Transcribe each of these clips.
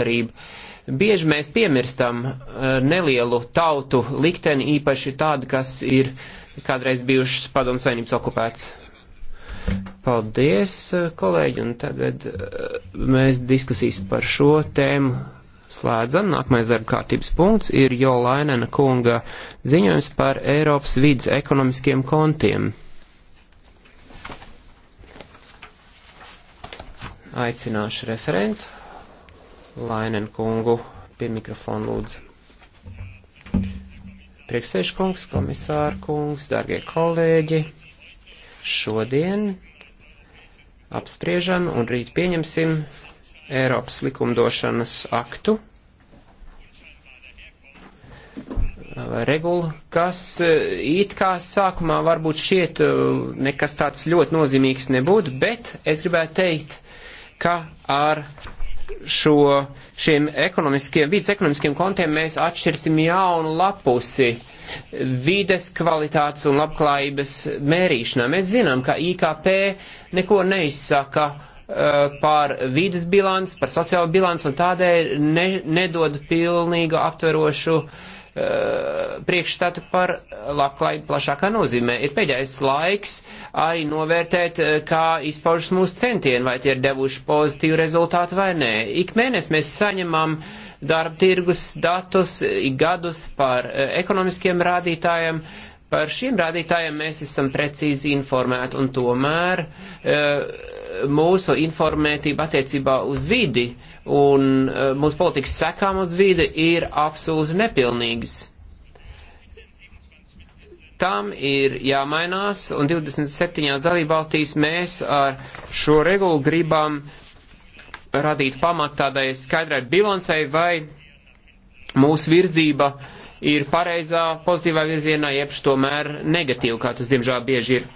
darību. Bieži mēs piemirstam eh, nelielu tautu likteni, īpaši tādu, kas ir kādreiz bijušas padomu saimnības okupēts. Paldies, eh, kolēģi, un tagad eh, mēs diskusijas par šo tēmu slēdzam. Nākamais darba kārtības punkts ir Jo Lainena kunga ziņojums par Eiropas vidas ekonomiskiem kontiem. Aicināšu referentu. Lainen kungu pie mikrofona lūdzu. Priekšsēžu kungs, komisāra kungs, dārgie kolēģi, šodien apspriežam un rīt pieņemsim Eiropas likumdošanas aktu vai regulu, kas e, it kā sākumā varbūt šķiet e, nekas tāds ļoti nozīmīgs nebūtu, bet es gribētu teikt, ka ar šo, šiem ekonomiskiem, vidas ekonomiskiem kontiem mēs atšķirsim jaunu lapusi vides kvalitātes un labklājības mērīšanā. Mēs zinām, ka IKP neko neizsaka uh, par vides bilants, par sociālo bilants un tādēļ ne, nedod pilnīgu aptverošu uh, Uh, priekšstatu par labklājību plašākā nozīmē. Ir pēdējais laiks arī novērtēt, uh, kā izpaužas mūsu centieni, vai tie ir devuši pozitīvu rezultātu vai nē. Ik mēnesi mēs saņemam darba tirgus datus, ik gadus par uh, ekonomiskiem rādītājiem, par šiem rādītājiem mēs esam precīzi informēti, un tomēr uh, mūsu informētība attiecībā uz vidi un e, mūsu politikas sekām uz vidi ir absolūti nepilnīgas. Tam ir jāmainās, un 27. dalībvalstīs mēs ar šo regulu gribam radīt pamatu tādai skaidrai bilancei, vai mūsu virzība ir pareizā, pozitīvā virzienā, jeb tomēr negatīva, kā tas diemžēl bieži ir.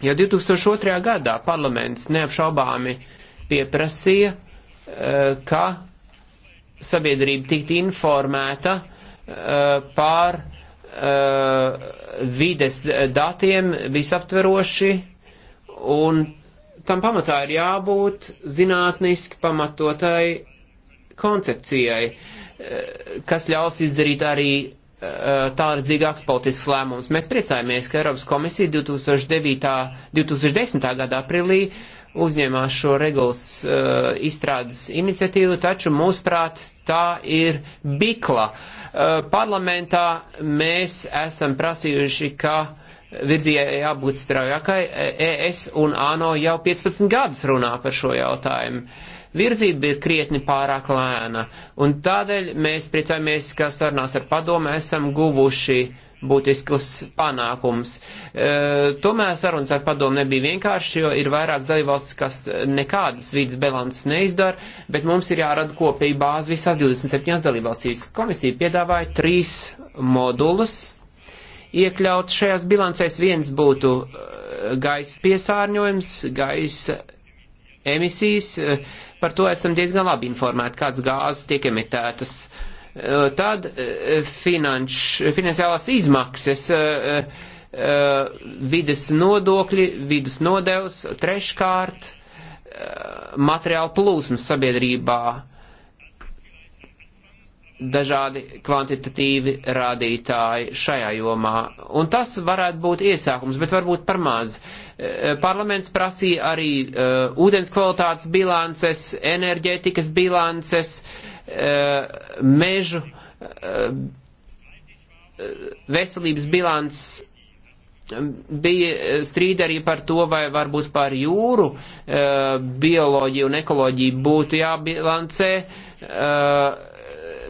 Jau 2002. gadā parlaments neapšaubāmi pieprasīja, eh, ka sabiedrība tikt informēta eh, pār eh, vides datiem visaptveroši, un tam pamatā ir jābūt zinātniski pamatotai koncepcijai, kas ļaus izdarīt arī Eh, tālredzīgāks politisks lēmums. Mēs priecājamies, ka Eiropas komisija 2009. 2010. gada aprīlī uzņēmās šo regulas uh, izstrādes iniciatīvu, taču mūsuprāt tā ir bikla. Uh, parlamentā mēs esam prasījuši, ka virzījai jābūt straujākai. ES e un ANO jau 15 gadus runā par šo jautājumu. Uh, Virzība bija krietni pārāk lēna, un tādēļ mēs priecājamies, ka sarunās ar padomu esam guvuši būtiskus panākums. E, tomēr sarunas ar padomu nebija vienkārši, jo ir vairākas dalībvalstis, kas nekādas vīdes balanses neizdara, bet mums ir jārada kopīga bāze visās 27 dalībvalstīs. Komisija piedāvāja trīs modulus iekļaut šajās bilancēs. Viens būtu e, gaisa piesārņojums, gaisa emisijas, e, par to esam diezgan labi informēti, kādas gāzes tiek emitētas. E, tad e, finanš, finansiālās izmaksas, e, vides nodokļi, vides nodevs, treškārt materiāla plūsmas sabiedrībā dažādi kvantitatīvi rādītāji šajā jomā. Un tas varētu būt iesākums, bet varbūt par maz. E, parlaments prasīja arī uh, ūdens kvalitātes bilances, enerģētikas bilances, uh, mežu, uh, veselības bilances. Bija strīdi arī par to, vai varbūt par jūru uh, bioloģiju un ekoloģiju būtu jābilancē. Uh,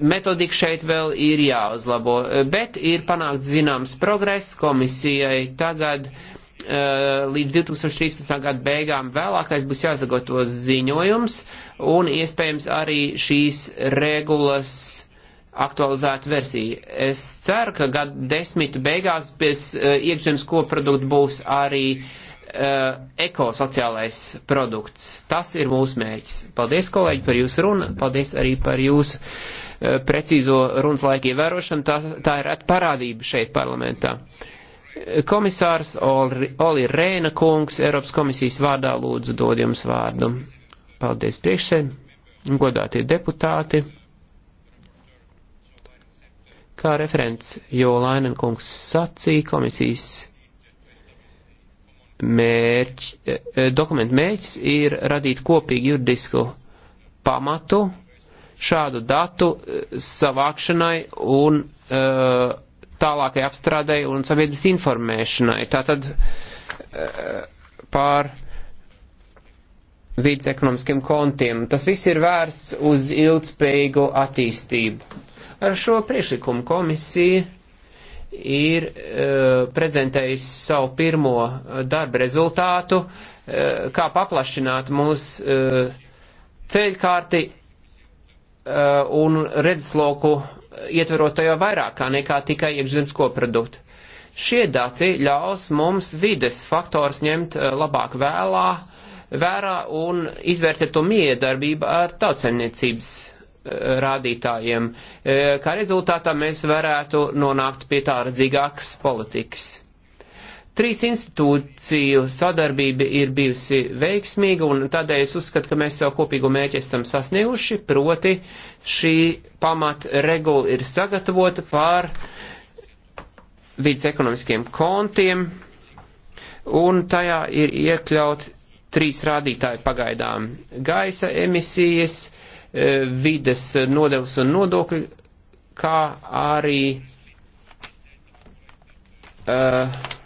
metodika šeit vēl ir jāuzlabo, bet ir panākt zināms progress komisijai tagad eh, līdz 2013. gada beigām vēlākais būs jāsagatavo ziņojums un iespējams arī šīs regulas aktualizēta versija. Es ceru, ka gada desmitu beigās bez eh, iekšzemes koprodukta būs arī uh, ekosociālais produkts. Tas ir mūsu mērķis. Paldies, kolēģi, par jūsu runu. Paldies arī par jūsu. Uh, Eh, precīzo runas laiku ievērošanu, tā, tā ir parādība šeit parlamentā. Eh, komisārs Oli, Oli Rēna kungs Eiropas komisijas vārdā lūdzu dod jums vārdu. Paldies priekšsēm, godātie deputāti. Kā referents Jolainen kungs sacīja, komisijas mērķ, eh, dokumentu mērķis ir radīt kopīgu juridisku pamatu šādu datu eh, savākšanai un uh, tālākai apstrādai un sabiedrības informēšanai. Tātad uh, pār vidas ekonomiskiem kontiem. Tas viss ir vērsts uz ilgspējīgu attīstību. Ar šo priešlikumu komisija ir uh, prezentējis savu pirmo darbu rezultātu, uh, kā paplašināt mūsu uh, ceļkārti Uh, un redzesloku ietverot tajā vairākā nekā tikai iekšzemes koproduktu. Šie dati ļaus mums vides faktors ņemt uh, labāk vēlā, vērā un izvērtēt to miedarbību ar tautsemniecības uh, rādītājiem. Kā rezultātā mēs varētu nonākt pie tā redzīgākas politikas. Trīs institūciju sadarbība ir bijusi veiksmīga, un tādēļ es uzskatu, ka mēs savu kopīgo mērķi esam sasnieguši, proti šī pamat regula ir sagatavota pār vidas ekonomiskiem kontiem, un tajā ir iekļaut trīs rādītāji pagaidām - gaisa emisijas, e, vides nodevs un nodokļi, kā arī uh,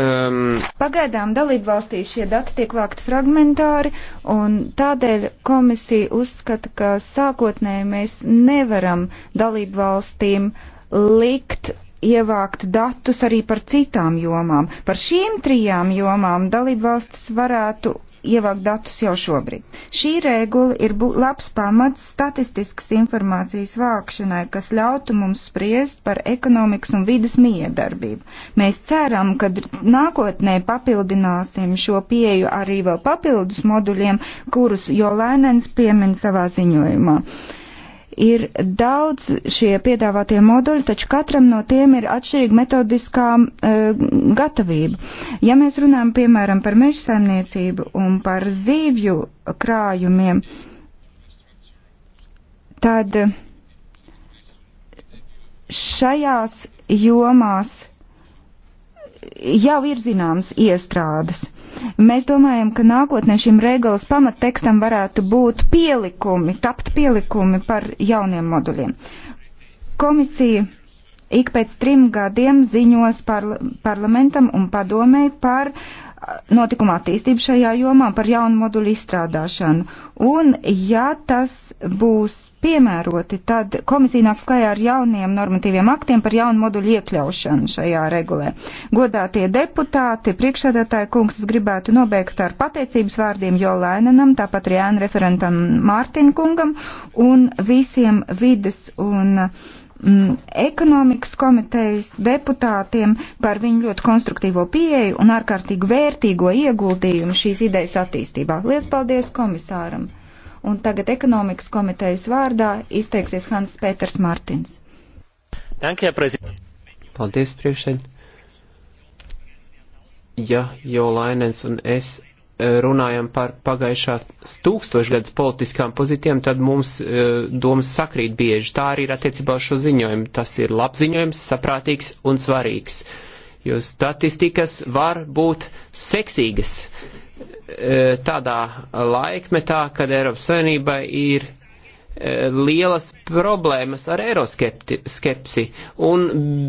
Um, Pagaidām dalību valstīs šie dati tiek vākti fragmentāri, un tādēļ komisija uzskata, ka sākotnēji mēs nevaram dalību valstīm likt ievākt datus arī par citām jomām. Par šīm trijām jomām dalību valstis varētu ievākt datus jau šobrīd. Šī regula ir labs pamats statistiskas informācijas vākšanai, kas ļautu mums spriest par ekonomikas un vidas miedarbību. Mēs ceram, ka nākotnē papildināsim šo pieju arī vēl papildus moduļiem, kurus Jolēnens piemin savā ziņojumā. Uh, Ir daudz šie piedāvātie moduļi, taču katram no tiem ir atšķirīga metodiskā uh, gatavība. Ja mēs runājam, piemēram, par meža saimniecību un par zīvju krājumiem, tad šajās jomās jau ir zināmas iestrādes. Mēs domājam, ka nākotnē šim regulas pamattekstam varētu būt pielikumi, tapt pielikumi par jauniem moduļiem. Komisija ik pēc trim gadiem ziņos par, parlamentam un padomē par uh, notikuma attīstību šajā jomā, par jaunu moduļu izstrādāšanu. Un, ja tas būs piemēroti, tad komisija nāks klajā ar jauniem normatīviem aktiem par jaunu moduļu iekļaušanu šajā regulē. Godātie deputāti, priekšsēdētāji kungs, es gribētu nobeigt ar pateicības vārdiem Jo Lēnenam, tāpat arī ēnu referentam Mārtin kungam un visiem vides un uh, mm, ekonomikas komitejas deputātiem par viņu ļoti konstruktīvo pieeju un ārkārtīgi vērtīgo ieguldījumu šīs idejas attīstībā. Lielas paldies komisāram! Un tagad ekonomikas komitejas vārdā izteiksies Hans Pēters Martins. Paldies, priekšsēd! Ja, jo Lainens un es runājam par pagājušās tūkstošgadus politiskām pozitīvām, tad mums e, domas sakrīt bieži. Tā arī ir attiecībā uz šo ziņojumu. Tas ir labs ziņojums, saprātīgs un svarīgs. Jo statistikas var būt seksīgas e, tādā laikmetā, kad Eiropas Savienībai ir lielas problēmas ar eiroskepsi un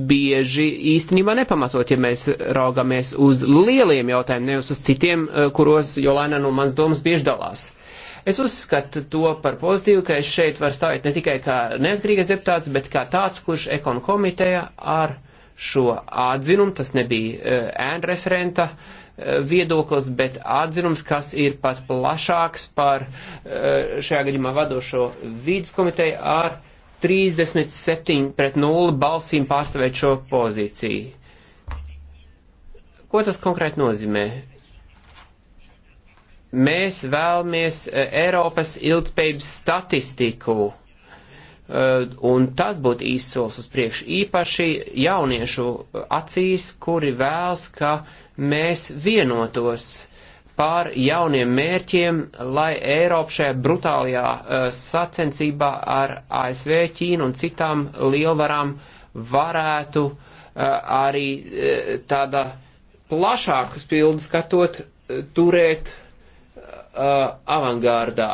bieži īstenībā nepamatot, ja mēs raugamies uz lieliem jautājumiem, nevis uz citiem, eh, kuros Jolaina no mans domas bieži dalās. Es uzskatu to par pozitīvu, ka es šeit varu stāvēt ne tikai kā neatkarīgais deputāts, bet kā tāds, kurš ekonu komiteja ar šo atzinumu, tas nebija eh, ēn referenta uh, viedoklis, bet atzinums, kas ir pat plašāks par eh, šajā gadījumā vadošo vīdes komiteju ar 37 pret 0 balsīm pārstāvēt šo pozīciju. Ko tas konkrēti nozīmē? Mēs vēlamies eh, Eiropas ilgspējības statistiku eh, un tas būtu īsts solis uz priekšu, īpaši jauniešu acīs, kuri vēlas, ka mēs vienotos pār jauniem mērķiem, lai Eiropa šajā brutālajā uh, sacensībā ar ASV, Ķīnu un citām lielvarām varētu uh, arī uh, tāda plašāku spildu skatot, uh, turēt uh, avangārdā.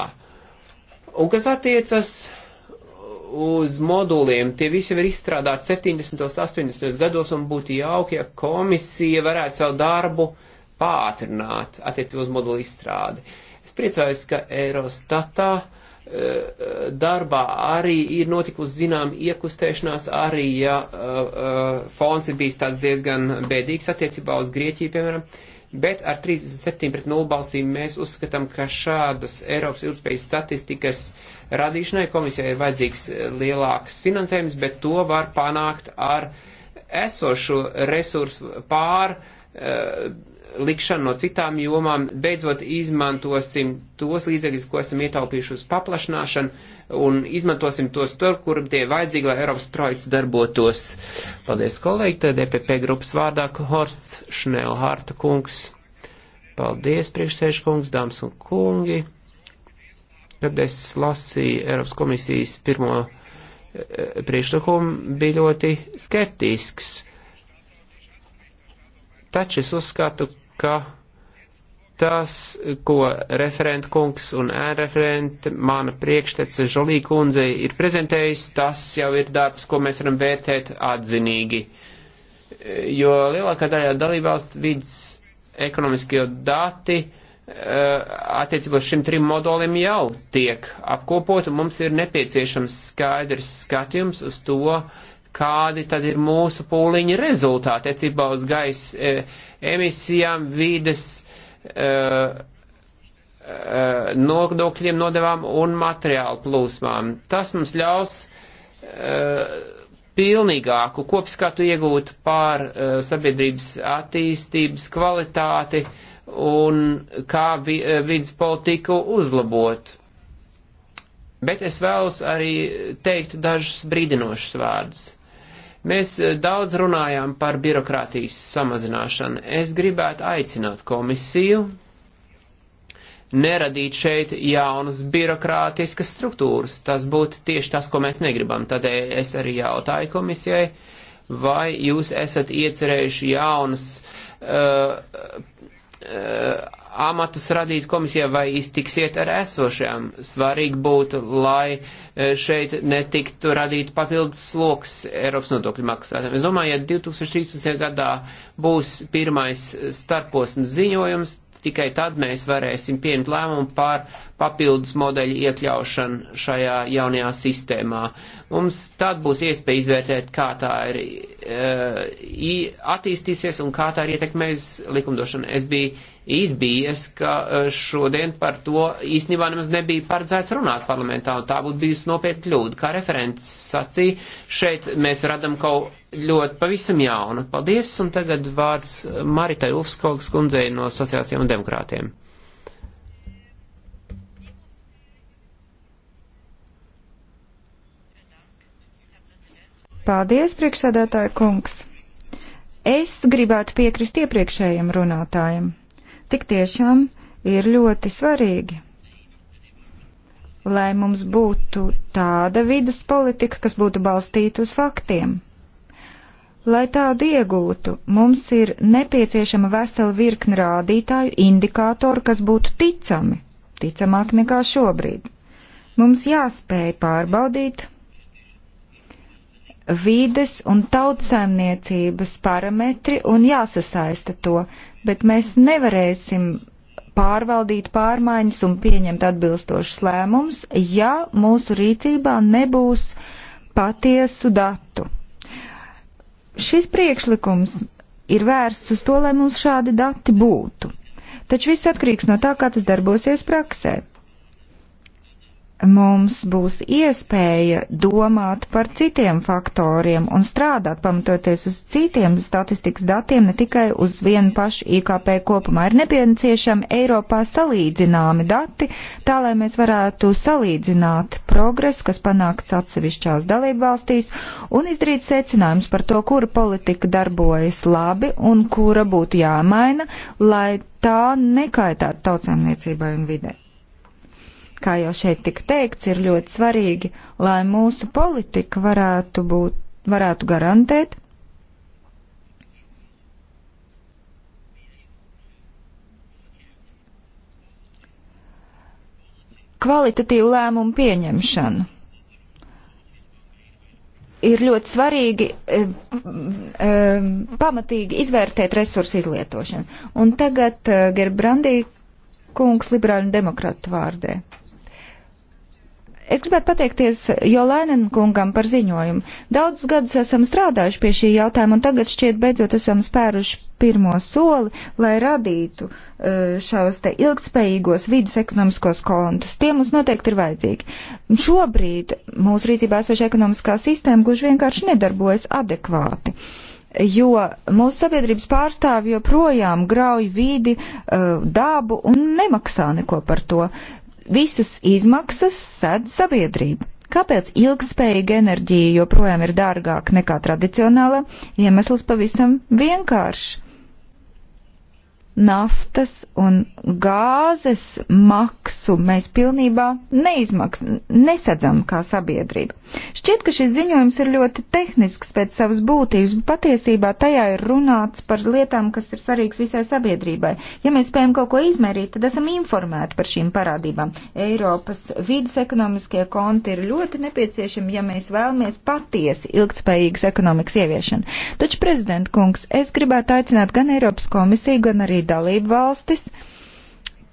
Un kas attiecas uh, uz moduliem. Tie visi ir izstrādāti 70. un 80. gados un būtu jauki, ja komisija varētu savu darbu pātrināt attiecībā uz modulu izstrādi. Es priecājos, ka Eurostatā e, e, darbā arī ir notikusi zinām iekustēšanās, arī ja uh, e, uh, fons ir bijis tāds diezgan bēdīgs attiecībā uz Grieķiju, piemēram. Uh, bet ar 37 pret 0 balsīm mēs uzskatām, ka šādas Eiropas ilgspējas statistikas radīšanai komisijai ir vajadzīgs eh, lielāks finansējums, bet to var panākt ar esošu resursu pār. Uh, likšanu no citām jomām, beidzot izmantosim tos līdzekļus, ko esam ietaupījuši uz paplašināšanu un izmantosim tos tur, kur tie vajadzīgi, lai Eiropas projekts darbotos. Paldies, kolēģi, tad DPP e grupas vārdā Horsts Šnelhārta kungs. Paldies, priekšsēžu kungs, dāmas un kungi. Kad es lasīju Eiropas komisijas pirmo e, priekšlikumu, bija ļoti skeptisks taču es uzskatu, ka tas, ko referenta kungs un ēreferenta mana priekštece Žolī kundze ir prezentējis, tas jau ir darbs, ko mēs varam vērtēt atzinīgi. Jo lielākā daļā dalībvalstu vidas ekonomiskie dati eh, attiecībā uz šiem trim modoliem jau tiek apkopot, un mums ir nepieciešams skaidrs skatījums uz to, uh, kādi tad ir mūsu pūliņa rezultāti attiecībā uz gaisa e, emisijām, vides e, e, nodokļiem, nodevām un materiālu plūsmām. Tas mums ļaus e, pilnīgāku kopskatu iegūt pār e, sabiedrības attīstības kvalitāti un kā vi, e, vidas politiku uzlabot. Bet es vēlos arī teikt dažus brīdinošus vārdus Mēs eh, daudz runājām par birokrātijas samazināšanu. Es gribētu aicināt komisiju neradīt šeit jaunas birokrātiskas struktūras. Tas būtu tieši tas, ko mēs negribam. Tādēļ es arī jautāju komisijai, vai jūs esat iecerējuši jaunas uh, uh, amatus radīt komisijā vai iztiksiet ar esošajām. Svarīgi būtu, lai e, šeit netiktu radīt papildus sloks Eiropas nodokļu maksātājiem. Es domāju, ja 2013. gadā būs pirmais starposms ziņojums, tikai tad mēs varēsim pieņemt lēmumu par papildus modeļu iekļaušanu šajā jaunajā sistēmā. Mums tad būs iespēja izvērtēt, kā tā ir uh, attīstīsies un kā tā ir ietekmēs likumdošana. Es biju izbijies, ka eh, šodien par to īstenībā nemaz nebija paredzēts runāt parlamentā, un tā būtu bijusi nopietna kļūda. Kā referents sacīja, šeit mēs radam kaut ļoti pavisam jaunu. Paldies, un tagad vārds Maritai Ufskogs kundzei no sociālistiem un demokrātiem. Paldies, priekšsēdētāja kungs. Es gribētu piekrist iepriekšējiem runātājiem tik tiešām ir ļoti svarīgi, lai mums būtu tāda vidus politika, kas būtu balstīta uz faktiem. Lai tādu iegūtu, mums ir nepieciešama vesela virkne rādītāju, indikātoru, kas būtu ticami, ticamāk nekā šobrīd. Mums jāspēj pārbaudīt, vides un tautsēmniecības parametri un jāsasaista to, bet mēs nevarēsim pārvaldīt pārmaiņas un pieņemt atbilstošus lēmumus, ja mūsu rīcībā nebūs patiesu datu. Šis priekšlikums ir vērsts uz to, lai mums šādi dati būtu, taču viss atkarīgs no tā, kā tas darbosies praksē mums būs iespēja domāt par citiem faktoriem un strādāt pamatoties uz citiem statistikas datiem, ne tikai uz vienu pašu IKP kopumā. Ir nepieciešami Eiropā salīdzināmi dati, tā lai mēs varētu salīdzināt progresu, kas panākts atsevišķās dalību valstīs, un izdarīt secinājums par to, kura politika darbojas labi un kura būtu jāmaina, lai tā nekaitētu tautsēmniecībai un videi kā jau šeit tika teikts, ir ļoti svarīgi, lai mūsu politika varētu, būt, varētu garantēt. kvalitatīvu lēmumu pieņemšanu ir ļoti svarīgi um, um, pamatīgi izvērtēt resursu izlietošanu. Un tagad uh, Gerbrandī kungs liberāļu un demokrātu vārdē. Es gribētu pateikties Jolēnen kungam par ziņojumu. Daudzus gadus esam strādājuši pie šī jautājuma, un tagad šķiet beidzot esam spēruši pirmo soli, lai radītu eh, šos te ilgspējīgos vidus ekonomiskos kontus. Tie mums noteikti ir vajadzīgi. Šobrīd mūsu rīcībā esoša ekonomiskā sistēma gluži vienkārši nedarbojas adekvāti jo mūsu sabiedrības pārstāvji joprojām grauj vidi, eh, dabu un nemaksā neko par to visas izmaksas sēd sabiedrība. Kāpēc ilgspējīga enerģija joprojām ir dārgāka nekā tradicionāla? Iemesls pavisam vienkāršs naftas un gāzes maksu mēs pilnībā neizmaks, nesadzam kā sabiedrība. Šķiet, ka šis ziņojums ir ļoti tehnisks pēc savas būtības, bet patiesībā tajā ir runāts par lietām, kas ir svarīgas visai sabiedrībai. Ja mēs spējam kaut ko izmērīt, tad esam informēti par šīm parādībām. Eiropas vidas ekonomiskie konti ir ļoti nepieciešami, ja mēs vēlamies patiesi ilgtspējīgas ekonomikas ieviešanu. Taču, prezident kungs, es gribētu aicināt gan Eiropas komisiju, gan arī dalību valstis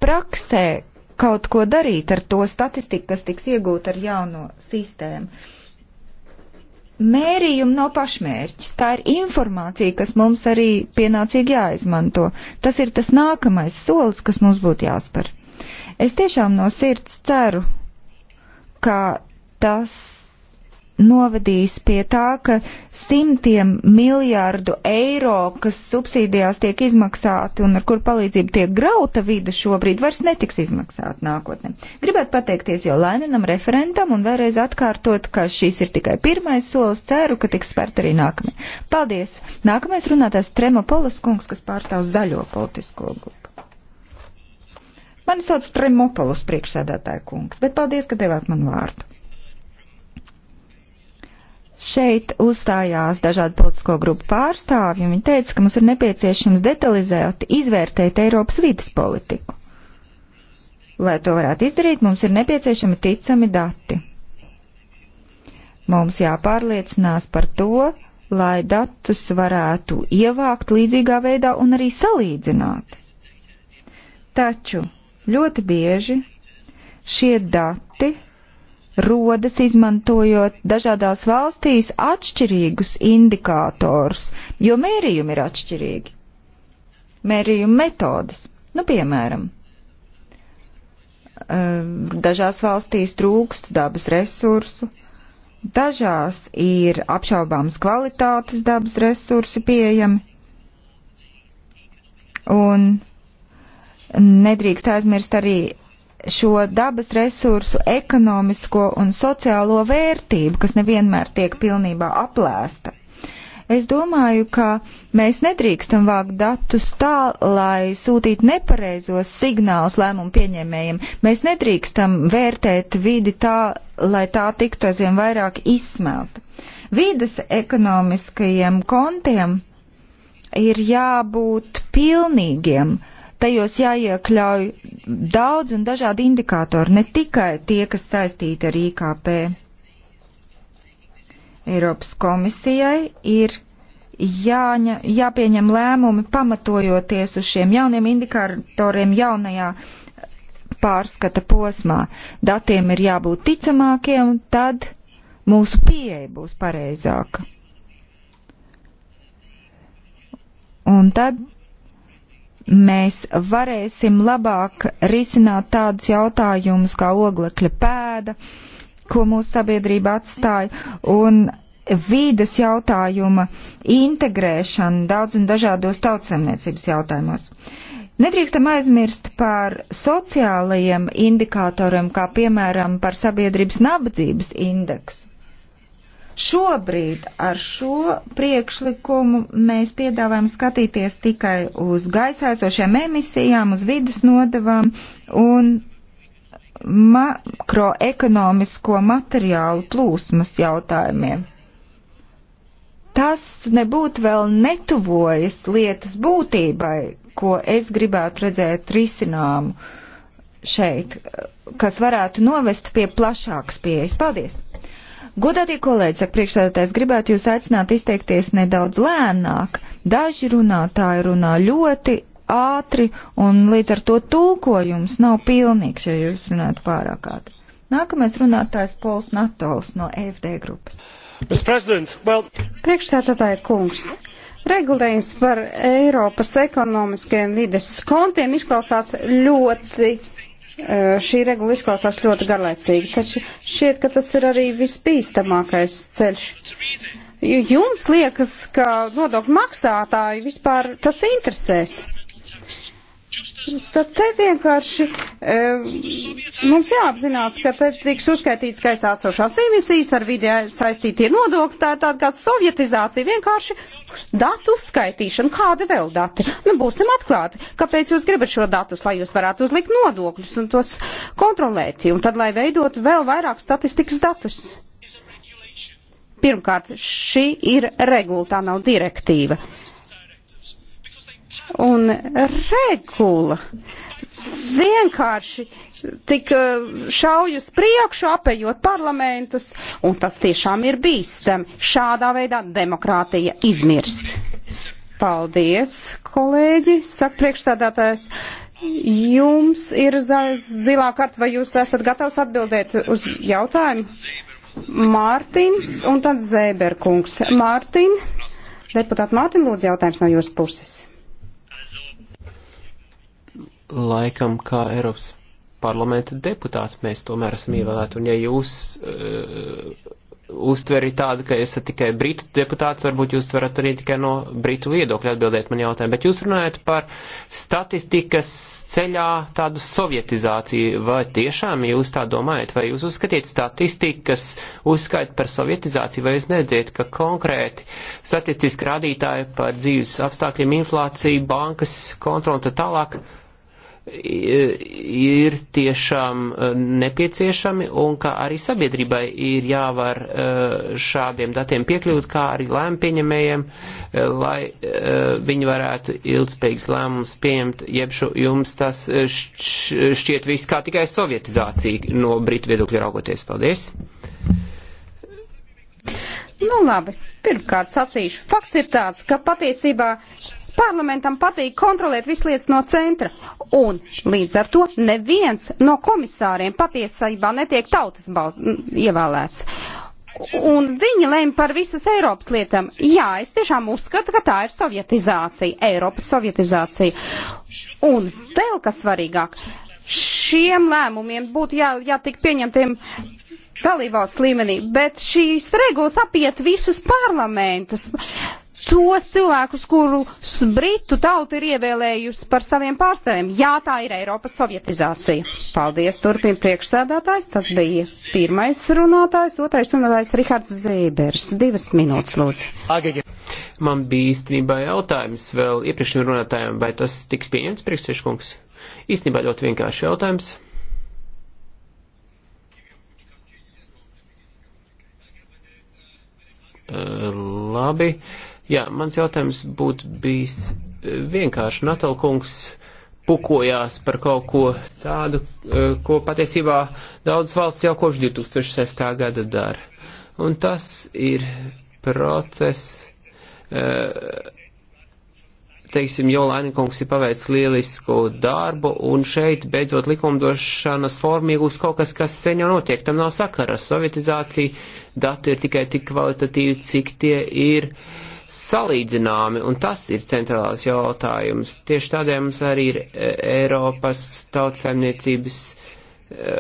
praksē kaut ko darīt ar to statistiku, kas tiks iegūta ar jauno sistēmu. Mērījumi nav pašmērķis, tā ir informācija, kas mums arī pienācīgi jāizmanto. Tas ir tas nākamais solis, kas mums būtu jāspēr. Es tiešām no sirds ceru, ka tas novadīs pie tā, ka simtiem miljārdu eiro, kas subsīdijās tiek izmaksāti un ar kur palīdzību tiek grauta vide šobrīd, vairs netiks izmaksāt nākotnē. Gribētu pateikties jau Lēninam referentam un vēlreiz atkārtot, ka šīs ir tikai pirmais solis, ceru, ka tiks spērt arī nākamie. Paldies! Nākamais runātājs Tremopolis kungs, kas pārstāv zaļo politisko grupu. Mani sauc Tremopolis priekšsēdētāja kungs, bet paldies, ka devāt man vārdu. Šeit uzstājās dažādu politisko grupu pārstāvji, un viņi teica, ka mums ir nepieciešams detalizēt, izvērtēt Eiropas vidas politiku. Lai to varētu izdarīt, mums ir nepieciešami ticami dati. Mums jāpārliecinās par to, lai datus varētu ievākt līdzīgā veidā un arī salīdzināt. Taču ļoti bieži šie dati rodas izmantojot dažādās valstīs atšķirīgus indikātors, jo mērījumi ir atšķirīgi. Mērījumi metodas, nu piemēram, eh, dažās valstīs trūkst dabas resursu, dažās ir apšaubāmas kvalitātes dabas resursi pieejami, un nedrīkst aizmirst arī šo dabas resursu ekonomisko un sociālo vērtību, kas nevienmēr tiek pilnībā aplēsta. Es domāju, ka mēs nedrīkstam vākt datus tā, lai sūtītu nepareizos signālus lēmumu pieņēmējiem. Mēs nedrīkstam vērtēt vidi tā, lai tā tiktu aizvien vairāk izsmelta. Vides ekonomiskajiem kontiem ir jābūt pilnīgiem, uh, tajos jāiekļauj daudz un dažādi indikātori, ne tikai tie, kas saistīti ar IKP. Eiropas komisijai ir jāņa, jāpieņem lēmumi pamatojoties uz šiem jauniem indikatoriem jaunajā pārskata posmā. Datiem ir jābūt ticamākiem, tad mūsu pieeja būs pareizāka. Un tad mēs varēsim labāk risināt tādus jautājumus kā oglekļa pēda, ko mūsu sabiedrība atstāja, un vīdes jautājuma integrēšana daudz un dažādos tautsemniecības jautājumos. Nedrīkstam aizmirst par sociālajiem indikatoriem, kā piemēram par sabiedrības nabadzības indeksu. Šobrīd ar šo priekšlikumu mēs piedāvājam skatīties tikai uz gaisā esošiem emisijām, uz vidas nodavām un makroekonomisko materiālu plūsmas jautājumiem. Tas nebūtu vēl netuvojas lietas būtībai, ko es gribētu redzēt risināmu šeit, kas varētu novest pie plašākas pieejas. Paldies! Godātie kolēģi, saka priekšsēdētājs, gribētu jūs aicināt izteikties nedaudz lēnāk. Daži runātāji runā ļoti ātri, un līdz ar to tulkojums nav pilnīgs, ja jūs runājat pārāk ātri. Nākamais runātājs Pols Natols no EFD grupas. Well... Priekšsēdētāja kungs, regulējums par Eiropas ekonomiskajiem vides kontiem izklausās ļoti Eh, šī regula izklausās ļoti garlaicīgi, taču šķiet, ka tas ir arī visbīstamākais ceļš. Jums liekas, ka nodokļu maksātāji vispār tas interesēs. Tad te vienkārši e, mums jāapzinās, ka te tiks uzskaitīts, ka aizsācošās emisijas ar vidi saistītie nodokļi, tā ir tāda kā sovietizācija, vienkārši datu uzskaitīšana, kāda vēl dati. Nu, būsim atklāti, kāpēc jūs gribat šo datus, lai jūs varētu uzlikt nodokļus un tos kontrolēt, un tad, lai veidot vēl vairāk statistikas datus. Pirmkārt, šī ir regula, tā nav direktīva un regula vienkārši tik eh, šauju uz priekšu, apējot parlamentus, un tas tiešām ir bīstami. Šādā veidā demokrātija izmirst. Paldies, kolēģi, saka priekšstādātājs. Jums ir zilā karta, vai jūs esat gatavs atbildēt uz jautājumu? Mārtiņš un tad Zēberkungs. Mārtiņ, deputāti Mārtiņ, lūdzu jautājums no jūsu puses laikam kā Eiropas parlamenta deputāti. Mēs tomēr esam ievēlēti. Un ja jūs uh, eh, uztveri tādu, ka esat tikai britu deputāts, varbūt jūs varat arī tikai no britu viedokļa atbildēt man jautājumu. Bet jūs runājat par statistikas ceļā tādu sovietizāciju. Vai tiešām jūs tā domājat? Vai jūs uzskatiet statistikas uzskait par sovietizāciju? Vai jūs nedziet, ka konkrēti statistiski rādītāji par dzīves apstākļiem, inflāciju, bankas kontroli un tā tālāk? ir tiešām eh, nepieciešami un ka arī sabiedrībai ir jāvar eh, šādiem datiem piekļūt, kā arī lēmu pieņemējiem, eh, lai viņi varētu ilgspējīgs lēmums pieņemt, jeb šo, jums tas šķiet viss kā tikai sovietizācija no Britu viedokļa raugoties. Paldies! Nu labi, pirmkārt sacīšu, fakts ir tāds, ka patiesībā Parlamentam patīk kontrolēt visu lietas no centra, un līdz ar to neviens no komisāriem patiesībā netiek tautas balz, ievēlēts. Un viņi lēma par visas Eiropas lietām. Jā, es tiešām uzskatu, ka tā ir sovietizācija, Eiropas sovietizācija. Un vēl kas svarīgāk, šiem lēmumiem būtu jā, jātik pieņemtiem dalībvalsts līmenī, bet šīs regulas apiet visus parlamentus. Uh, tos cilvēkus, kurus Britu tauta ir ievēlējusi par saviem pārstāvjiem. Jā, tā ir Eiropas sovietizācija. Paldies, turpina priekšsēdētājs. Tas bija pirmais runātājs, otrais runātājs Rihards Zēbers. Divas minūtes, lūdzu. Man bija īstenībā jautājums vēl iepriekšējiem runātājiem, vai tas tiks pieņemts, priekšsēškungs? Īstenībā ļoti vienkārši jautājums. Uh, labi. Uh, Jā, mans jautājums būtu bijis e, vienkārši. Natal kungs pukojās par kaut ko tādu, e, ko patiesībā daudz valsts jau kopš 2006. gada dara. Un tas ir process, e, teiksim, Jolainikungs ir paveicis lielisku darbu, un šeit beidzot likumdošanas forma iegūs kaut kas, kas sen jau notiek. Tam nav sakara. Sovietizācija dati ir tikai tik kvalitatīvi, cik tie ir. Uh, salīdzināmi, un tas ir centrālais jautājums. Tieši tādēļ mums arī ir e, Eiropas tautsēmniecības e, e,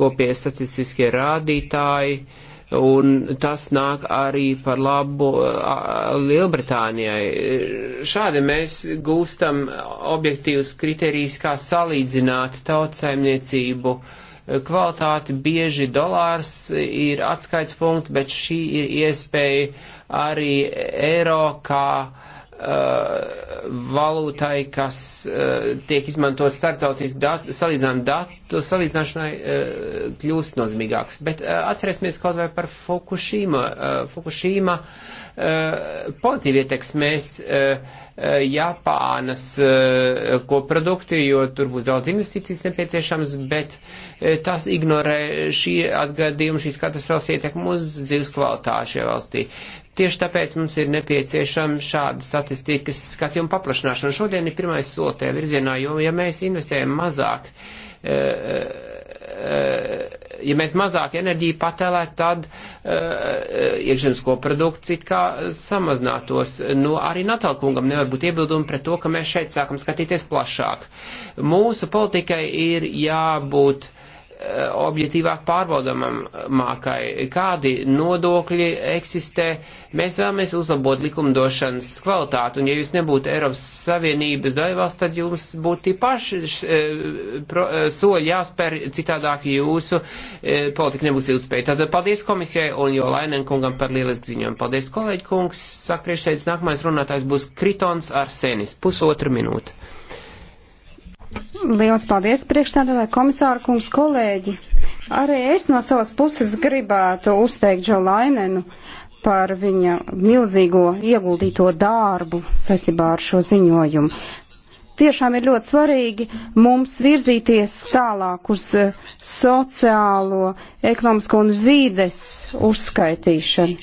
kopie statistiskie rādītāji, un tas nāk arī par labu Lielbritānijai. Šādi mēs gūstam objektīvus kriterijus, kā salīdzināt tautsēmniecību uh, kvalitāti, bieži dolārs ir atskaits punkts, bet šī ir iespēja arī eiro kā uh, valūtai, kas uh, tiek izmantot starptautiski dat salīdzinām datu, salīdzināšanai uh, kļūst nozīmīgāks. Bet uh, atcerēsimies kaut vai par Fukushima. Uh, Fukushima uh, pozitīvi ieteiks mēs. Uh, Eh, Japānas eh, koprodukti, jo tur būs daudz investīcijas nepieciešams, bet eh, tas ignorē šī atgadījuma, šīs katastrofas ietekmu uz dzīves kvalitāti šajā valstī. Tieši tāpēc mums ir nepieciešama šāda statistikas skatījuma paplašināšana. Šodien ir pirmais solis tajā virzienā, jo ja mēs investējam mazāk, ja mēs mazāk enerģiju patērētu, tad uh, iekšzemes koprodukts it kā samazinātos. Nu, arī Natalkungam nevar būt iebildumi pret to, ka mēs šeit sākam skatīties plašāk. Mūsu politikai ir jābūt Eh, objektīvāk pārbaudamākai, kādi nodokļi eksistē. Mēs vēlamies uzlabot likumdošanas kvalitāti, un ja jūs nebūtu Eiropas Savienības daļvalsts, tad jums būtu tie paši e, pro, e, soļi jāspēr, citādāk jūsu e, politika nebūs ilgspēja. Tad paldies komisijai un jo Lainenkungam par lielisku ziņojumu. Paldies, kolēģi kungs. Saka priekšsēdus, nākamais runātājs būs Kritons Arsenis. Pusotru minūtu. Liels paldies priekšstādātāji komisāru kungs kolēģi. Arī es no savas puses gribētu uzteikt Džo Lainenu par viņa milzīgo ieguldīto darbu saistībā ar šo ziņojumu. Tiešām ir ļoti svarīgi mums virzīties tālāk uz eh, sociālo, ekonomisko un vides uzskaitīšanu.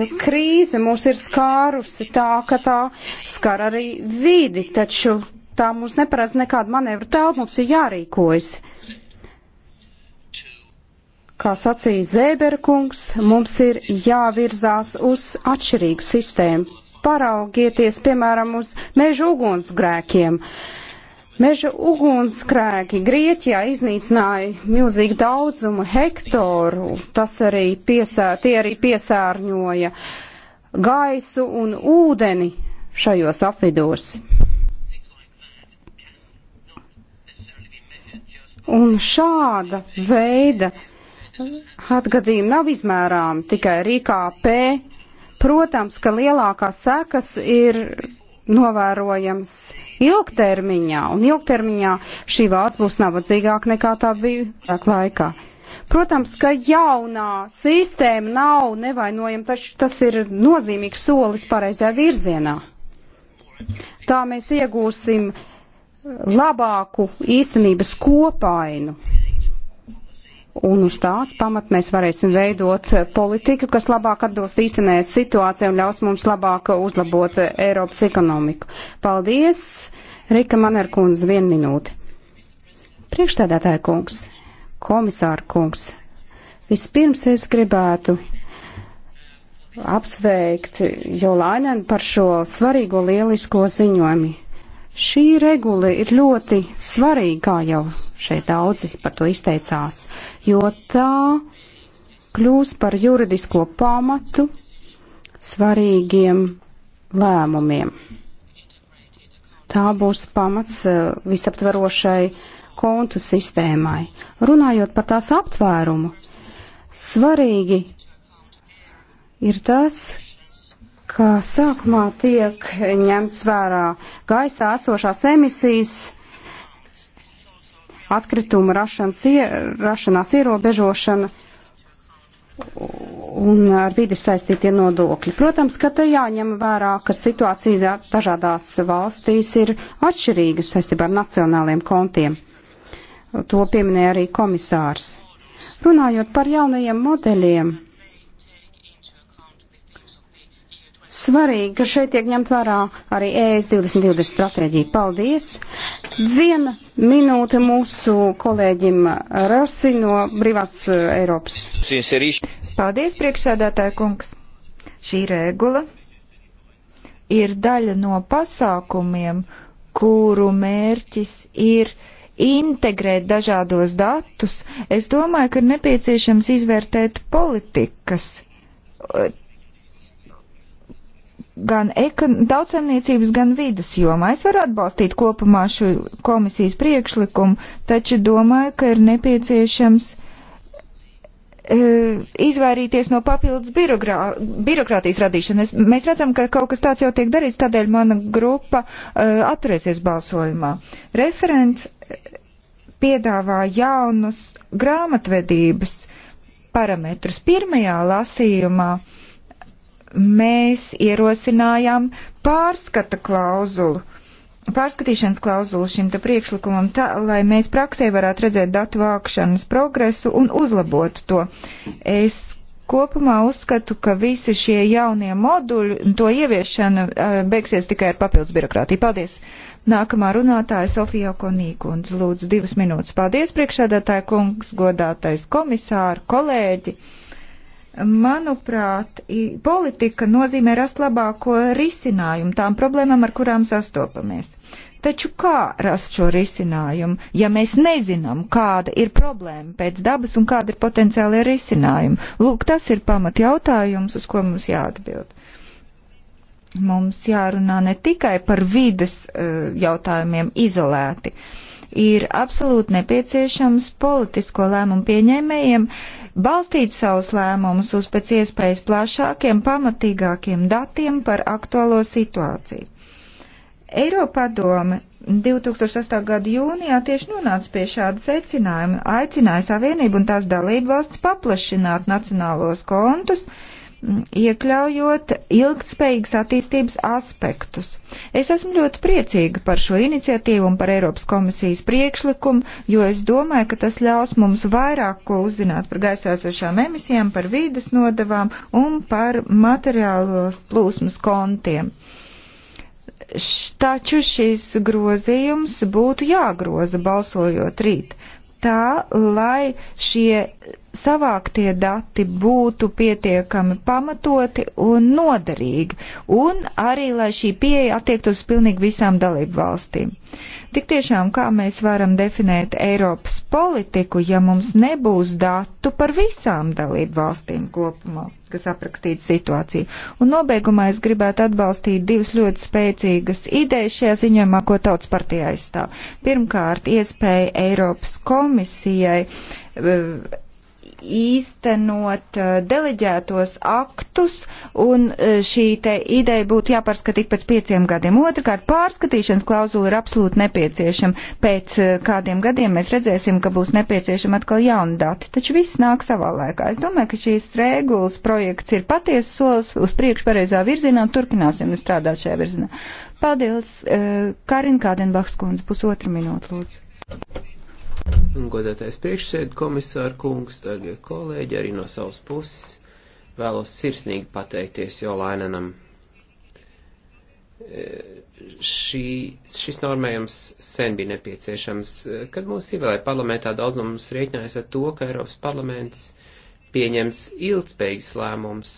Jo krīze mūs ir skārusi tā, ka tā skar arī vidi, taču tā mums neparedz nekādu manevru telpu, mums ir jārīkojas. Kā sacīja Zēberkungs, mums ir jāvirzās uz atšķirīgu sistēmu. Paraugieties, piemēram, uz meža ugunsgrēkiem. Meža ugunskrēki Grieķijā iznīcināja milzīgu daudzumu hektoru, tas arī piesār, tie arī piesārņoja gaisu un ūdeni šajos apvidos. Un šāda veida atgadījumi nav izmērām tikai ar IKP. Protams, ka lielākās sekas ir novērojams ilgtermiņā, un ilgtermiņā šī valsts būs nabadzīgāka nekā tā bija laikā. Protams, ka jaunā sistēma nav nevainojama, taču tas ir nozīmīgs solis pareizajā virzienā. Tā mēs iegūsim uh, labāku īstenības kopainu. Un uz tās pamat mēs varēsim veidot politiku, kas labāk atbilst īstenē situācijai un ļaus mums labāk uzlabot Eiropas ekonomiku. Paldies! Rika Manerkundze, vien minūte. Priekšstādātāja kungs, komisāra kungs, vispirms es gribētu apsveikt Jolainen par šo svarīgo lielisko ziņojumu Šī regula ir ļoti svarīga, kā jau šeit daudzi par to izteicās, jo tā kļūs par juridisko pamatu svarīgiem lēmumiem. Tā būs pamats eh, visaptverošai kontu sistēmai. Runājot par tās aptvērumu, svarīgi ir tas, ka sākumā tiek ņemts vērā gaisā esošās emisijas, atkrituma rašanas, rašanās ierobežošana un ar vidi saistītie nodokļi. Protams, ka te jāņem vērā, ka situācija dažādās valstīs ir atšķirīga saistībā ar nacionāliem kontiem. To pieminēja arī komisārs. Runājot par jaunajiem modeļiem, svarīgi, ka šeit tiek ņemt vērā arī e ES 2020 stratēģija. Paldies! Viena minūte mūsu kolēģim Rasi no Brīvās uh, Eiropas. Paldies, priekšsēdētāja kungs! Šī regula ir daļa no pasākumiem, kuru mērķis ir integrēt dažādos datus. Es domāju, ka ir nepieciešams izvērtēt politikas gan tautsemniecības, gan vidas jomā. Es varu atbalstīt kopumā šo komisijas priekšlikumu, taču domāju, ka ir nepieciešams e, izvairīties no papildus birokrā, birokrātijas radīšanas. Mēs redzam, ka kaut kas tāds jau tiek darīts, tādēļ mana grupa e, atturēsies balsojumā. Referents piedāvā jaunus grāmatvedības parametrus pirmajā lasījumā. Uh, mēs ierosinājām pārskata klauzulu. Pārskatīšanas klauzulu šim te priekšlikumam, tā, lai mēs praksē varētu redzēt datu vākšanas progresu un uzlabot to. Es kopumā uzskatu, ka visi šie jaunie moduļi un to ieviešana eh, beigsies tikai ar papildus birokrātiju. Paldies! Nākamā runātāja Sofija Konīkundze, lūdzu divas minūtes. Paldies, priekšādātāja kungs, godātais komisāri, kolēģi! Manuprāt, politika nozīmē rast labāko risinājumu tām problēmām, ar kurām sastopamies. Taču kā rast šo risinājumu, ja mēs nezinām, kāda ir problēma pēc dabas un kāda ir potenciālie risinājumi? Lūk, tas ir pamat jautājums, uz ko mums jāatbild. Mums jārunā ne tikai par vides uh, jautājumiem izolēti. Ir absolūti nepieciešams politisko lēmumu pieņēmējiem uh, balstīt savus lēmumus uz pēc iespējas plašākiem, pamatīgākiem datiem par aktuālo situāciju. Eiropadome 2008. gada jūnijā tieši nonāca pie šāda secinājuma, aicināja Savienību un tās dalību valsts paplašināt nacionālos kontus, uh, iekļaujot ilgtspējīgas attīstības aspektus. Es esmu ļoti priecīga par šo iniciatīvu un par Eiropas komisijas priekšlikumu, jo es domāju, ka tas ļaus mums vairāk ko uzzināt par gaisā esošām emisijām, par vīdes nodavām un par materiālos plūsmas kontiem. Taču šis grozījums būtu jāgroza balsojot rīt tā, lai šie savāktie dati būtu pietiekami pamatoti un noderīgi, un arī, lai šī pieeja attiektos uz pilnīgi visām dalību valstīm. Tik tiešām, kā mēs varam definēt Eiropas politiku, ja mums nebūs datu par visām dalību valstīm kopumā, kas aprakstītu situāciju. Un nobeigumā es gribētu atbalstīt divas ļoti spēcīgas idejas šajā ziņojumā, ko tautas partija aizstāv. Pirmkārt, iespēja Eiropas komisijai eh, īstenot eh, deleģētos aktus, un eh, šī te ideja būtu jāpārskata tik pēc pieciem gadiem. Otrakārt, pārskatīšanas klauzula ir absolūti nepieciešama. Pēc eh, kādiem gadiem mēs redzēsim, ka būs nepieciešama atkal jauna dati, taču viss nāk savā laikā. Es domāju, ka šīs regulas projekts ir patiesas solis uz priekšu pareizā virzienā, un turpināsim strādāt šajā virzienā. Paldies, Karin Kādenbachs kundze, pusotru minūtu lūdzu. Godātais priekšsēdu komisāra kungs, darbie kolēģi, arī no savas puses vēlos sirsnīgi pateikties Jolainanam. E, šī, šis normējums sen bija nepieciešams. E, kad mūs ievēlēja parlamentā, daudz no mums rēķinājās ar to, ka Eiropas parlaments pieņems ilgspējīgs lēmums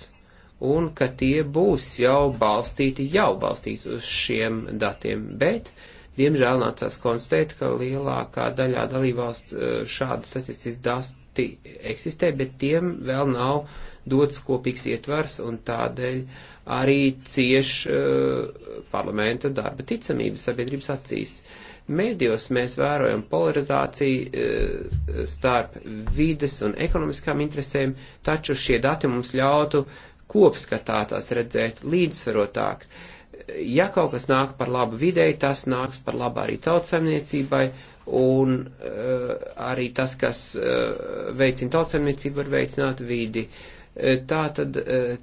un ka tie būs jau balstīti, jau balstīti uz šiem datiem, bet uh, Diemžēl nācās konstatēt, ka lielākā daļā dalībvalsts e, šādi statistiski dati eksistē, bet tiem vēl nav dots kopīgs ietvars un tādēļ arī cieš uh, parlamenta darba ticamība sabiedrības acīs. Mēdījos mēs vērojam polarizāciju uh, starp vides un ekonomiskām interesēm, taču šie dati mums ļautu kopskatā tās redzēt līdzsvarotāk. Uh, ja kaut kas nāk par labu videi, tas nāks par labu arī tautsemniecībai, un uh, arī tas, kas uh, veicina tautsemniecību, var veicināt vidi. Uh, tā tad. Uh,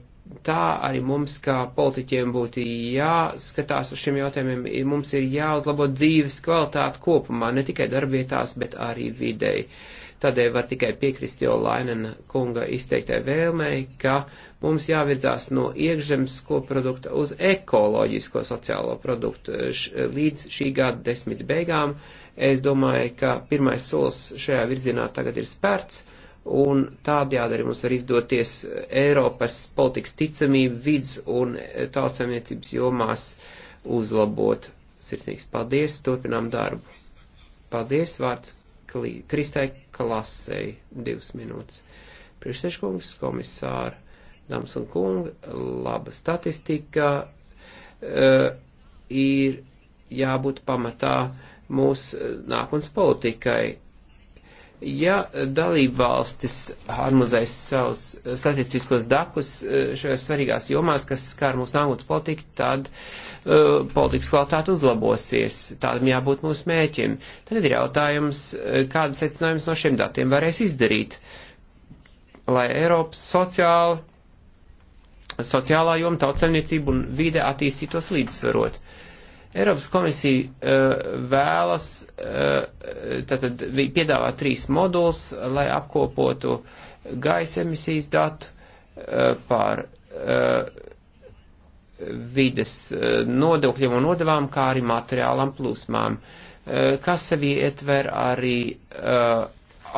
Tā arī mums, kā politiķiem, būtu jāskatās uz šiem jautājumiem. Mums ir jāuzlabo dzīves kvalitāte kopumā, ne tikai darbietās, bet arī videi. Tādēļ var tikai piekrist jau Lainena kunga izteiktai vēlmei, ka uh, Mums jāvirdzās no iekšzemes koprodukta uz ekoloģisko sociālo produktu eh, š, eh, līdz šī gada desmit beigām. Es domāju, ka pirmais solis šajā virzienā tagad ir spērts, un tādējādi arī mums var izdoties eh, Eiropas politikas ticamību vidas un tautsamiecības jomās uzlabot. Sirsnīgs paldies, turpinām darbu. Paldies, vārds Kristai Klasei, divas minūtes. Priekšseškungs, komisāra dāmas un kungi, laba statistika uh, ir jābūt pamatā mūsu nākotnes politikai. Ja dalība valstis harmonizēs savus statistiskos datus e, šajās svarīgās jomās, kas skar mūsu nākotnes politiku, tad uh, politikas kvalitāte uzlabosies. Tādam jābūt mūsu mēķim. Tad ir jautājums, kādas secinājumus no šiem datiem varēs izdarīt, lai Eiropas sociāli sociālā joma, tautsaimniecība un vide attīstītos līdzsvarot. Eiropas komisija uh, vēlas uh, tātad piedāvā trīs moduls, lai apkopotu gaisa emisijas datu uh, par uh, vides uh, nodokļiem un nodevām, kā arī materiālām plūsmām, uh, kas sevi ietver arī uh,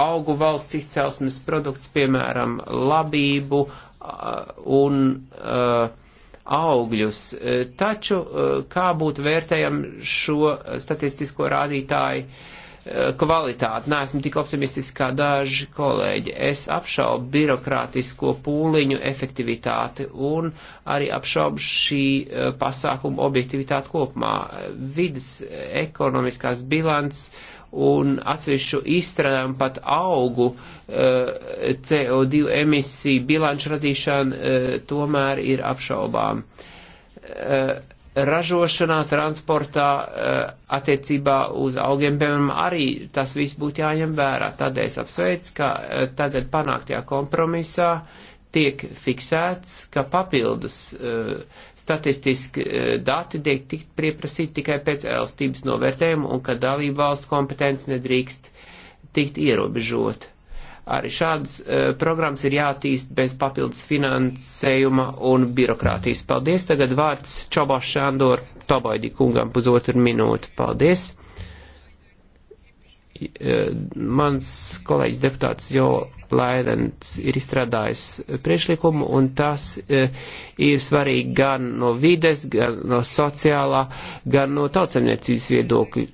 augu valsts izcelsmes produkts, piemēram, labību, uh, Uh, un uh, augļus. Uh, taču kā būtu vērtējam šo statistisko rādītāju kvalitāti? Nē, esmu tik optimistiski kā daži kolēģi. Es apšaubu birokrātisko pūliņu efektivitāti un arī apšaubu šī pasākuma objektivitāti kopumā. Vides ekonomiskās bilants uh, un atsevišķu izstrādām pat augu eh, CO2 emisiju bilanču radīšana eh, tomēr ir apšaubām. Eh, ražošanā, transportā, attiecībā uz augiem, piemēram, arī tas viss būtu jāņem vērā. Tādēļ es apsveicu, ka tagad panāktajā kompromisā uh, tiek fiksēts, ka papildus uh, statistiski uh, dati tiek tikt pieprasīti tikai pēc elstības novērtējuma un ka dalību valsts kompetence nedrīkst tikt ierobežot. Arī šādas uh, programmas ir jātīst bez papildus finansējuma un birokrātijas. Paldies, tagad vārds Čoboš Šandor Tobaidi kungam pusotru minūtu. Paldies! Mans kolēģis deputāts jau Laidens ir izstrādājis priešlikumu, un tas e, ir svarīgi gan no vides, gan no sociālā, gan no tautsemniecības viedokļa.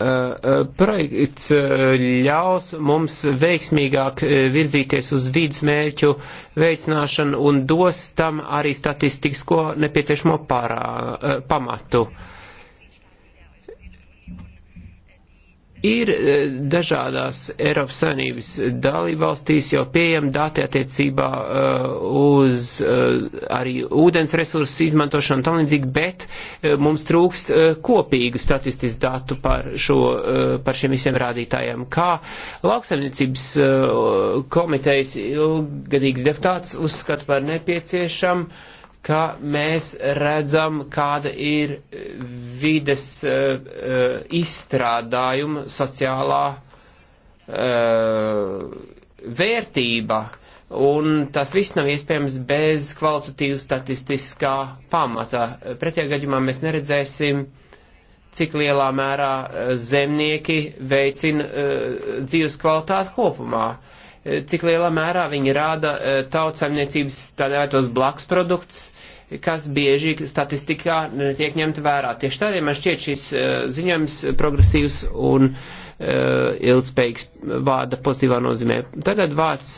E, e, projekts ļaus mums veiksmīgāk virzīties uz vidas mērķu veicināšanu un dos tam arī statistikas, ko nepieciešamo pārā, pamatu. Uh, Ir e, dažādās Eiropas Savienības dalībvalstīs jau pieejami dati attiecībā e, uz e, arī ūdens resursu izmantošanu tam līdzīgi, bet mums trūkst kopīgu statistisku datu par, šo, par šiem visiem rādītājiem. Kā lauksaimniecības komitejas ilgadīgs deputāts uzskata par nepieciešamu ka mēs redzam, kāda ir eh, vides uh, izstrādājuma sociālā uh, vērtība, un tas viss nav iespējams bez kvalitatīva statistiskā pamata. Pretējā gadījumā mēs neredzēsim, cik lielā mērā zemnieki veicina uh, dzīves kvalitāti kopumā. Uh, Eh, cik lielā mērā viņi rāda eh, tautsaimniecības tādētos blakus produkts, kas bieži statistikā netiek ņemta vērā. Tieši tādēļ man šķiet šis eh, ziņojums progresīvs un ilgspējīgs vārda pozitīvā nozīmē. Tagad vārds,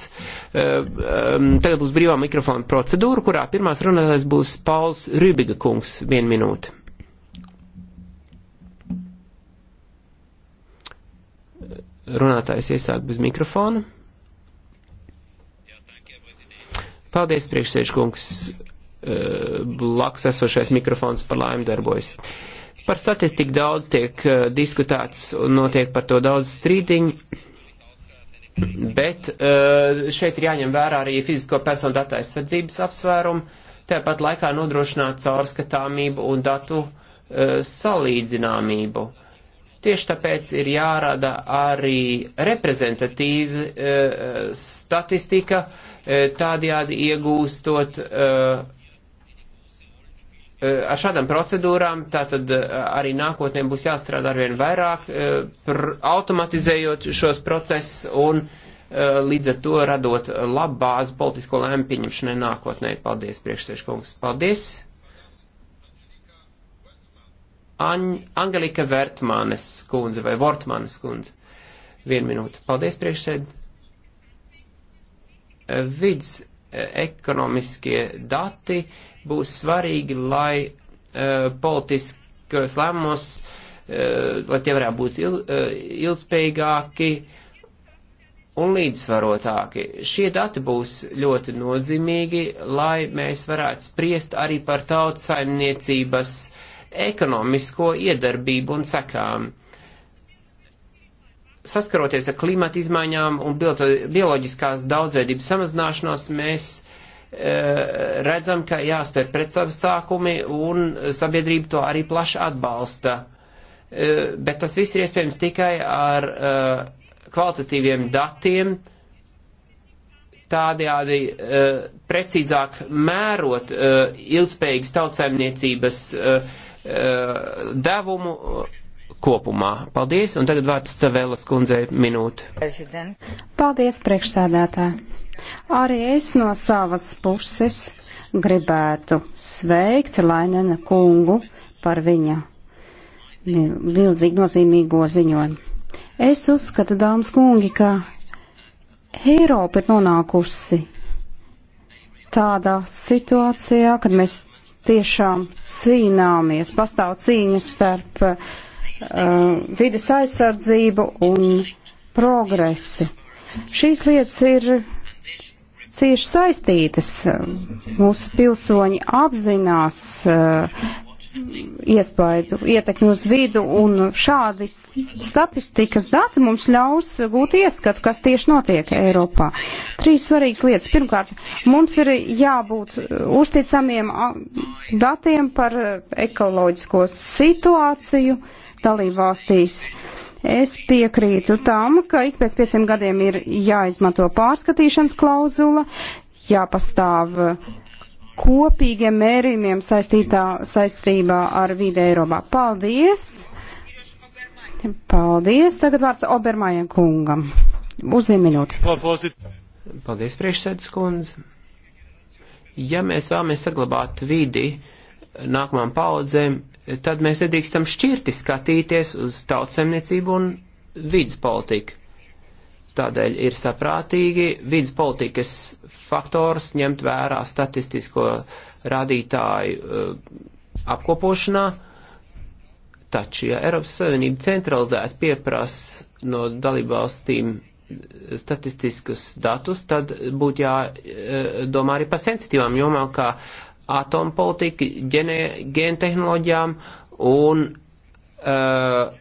tagad būs brīvā mikrofona procedūra, kurā pirmās runātājs būs Pauls Rübiga kungs, vienu minūti. Runātājs iesāk bez mikrofona. Paldies, priekšsēžkungs. Eh, Blakus esošais mikrofons par laimi darbojas. Par statistiku daudz tiek eh, diskutēts un notiek par to daudz strīdiņu. Bet eh, šeit ir jāņem vērā arī fizisko personu datu aizsardzības apsvērumu, tāpat laikā nodrošināt caurskatāmību un datu salīdzināmību. Tieši tāpēc ir jārada arī reprezentatīva statistika, uh, Eh, tādajādi iegūstot eh, eh, ar šādām procedūrām, tātad arī nākotnē būs jāstrādā arvien vairāk, automatizējot šos procesus un līdz ar to radot labu bāzi politisko lēmu pieņemšanai nākotnē. Paldies, priekšsēžkungs. Paldies. An Angelika Vertmanes kundze vai Vortmanes kundze. Vienu minūti. Paldies, priekšsēdētāji vidas eh, ekonomiskie dati būs svarīgi, lai eh, politiskos lēmumos, eh, lai tie varētu būt il, ilgspējīgāki un līdzsvarotāki. Šie dati būs ļoti nozīmīgi, lai mēs varētu spriest arī par tautas saimniecības ekonomisko iedarbību un sekām saskaroties ar klimata izmaiņām un bioloģiskās daudzveidības samazināšanos, mēs e, redzam, ka jāspēr pretsavsākumi un sabiedrība to arī plaši atbalsta. E, bet tas viss ir iespējams tikai ar e, kvalitatīviem datiem, tādējādi e, precīzāk mērot e, ilgspējīgas tautsaimniecības e, devumu kopumā. Paldies, un tagad vārds Cavēlas kundzei minūte. Paldies, priekšsēdētā. Arī es no savas puses gribētu sveikt Lainena kungu par viņa milzīgi nozīmīgo ziņojumu. Es uzskatu, dāmas kungi, ka Eiropa ir nonākusi tādā situācijā, kad mēs tiešām cīnāmies, pastāv cīņa starp uh, Uh, vides aizsardzību un progresu. Šīs lietas ir cieši saistītas. Mūsu pilsoņi apzinās uh, iespaidu ietekmi uz vidu, un šādi statistikas dati mums ļaus gūt ieskatu, kas tieši notiek Eiropā. Trīs svarīgas lietas. Pirmkārt, mums ir jābūt uzticamiem datiem par ekoloģisko situāciju. Uh, dalībvalstīs. Es piekrītu tam, ka ik pēc pieciem gadiem ir jāizmanto pārskatīšanas klauzula, jāpastāv kopīgiem mērījumiem saistītā, saistībā ar vide Eiropā. Paldies! Paldies! Tagad vārds Obermājiem kungam. Uz vienu minūti. Paldies, priekšsēdus kundze. Ja mēs vēlamies saglabāt vidi nākamām paudzēm, tad mēs nedrīkstam šķirti skatīties uz tautsemniecību un vidas politiku. Tādēļ ir saprātīgi vidas politikas faktors ņemt vērā statistisko rādītāju eh, apkopošanā, taču, ja Eiropas Savienība centralizēti pieprasa no dalībvalstīm eh, statistiskus datus, tad būtu jādomā eh, arī par sensitīvām jomām, kā atompolitika, gentehnoloģijām un uh,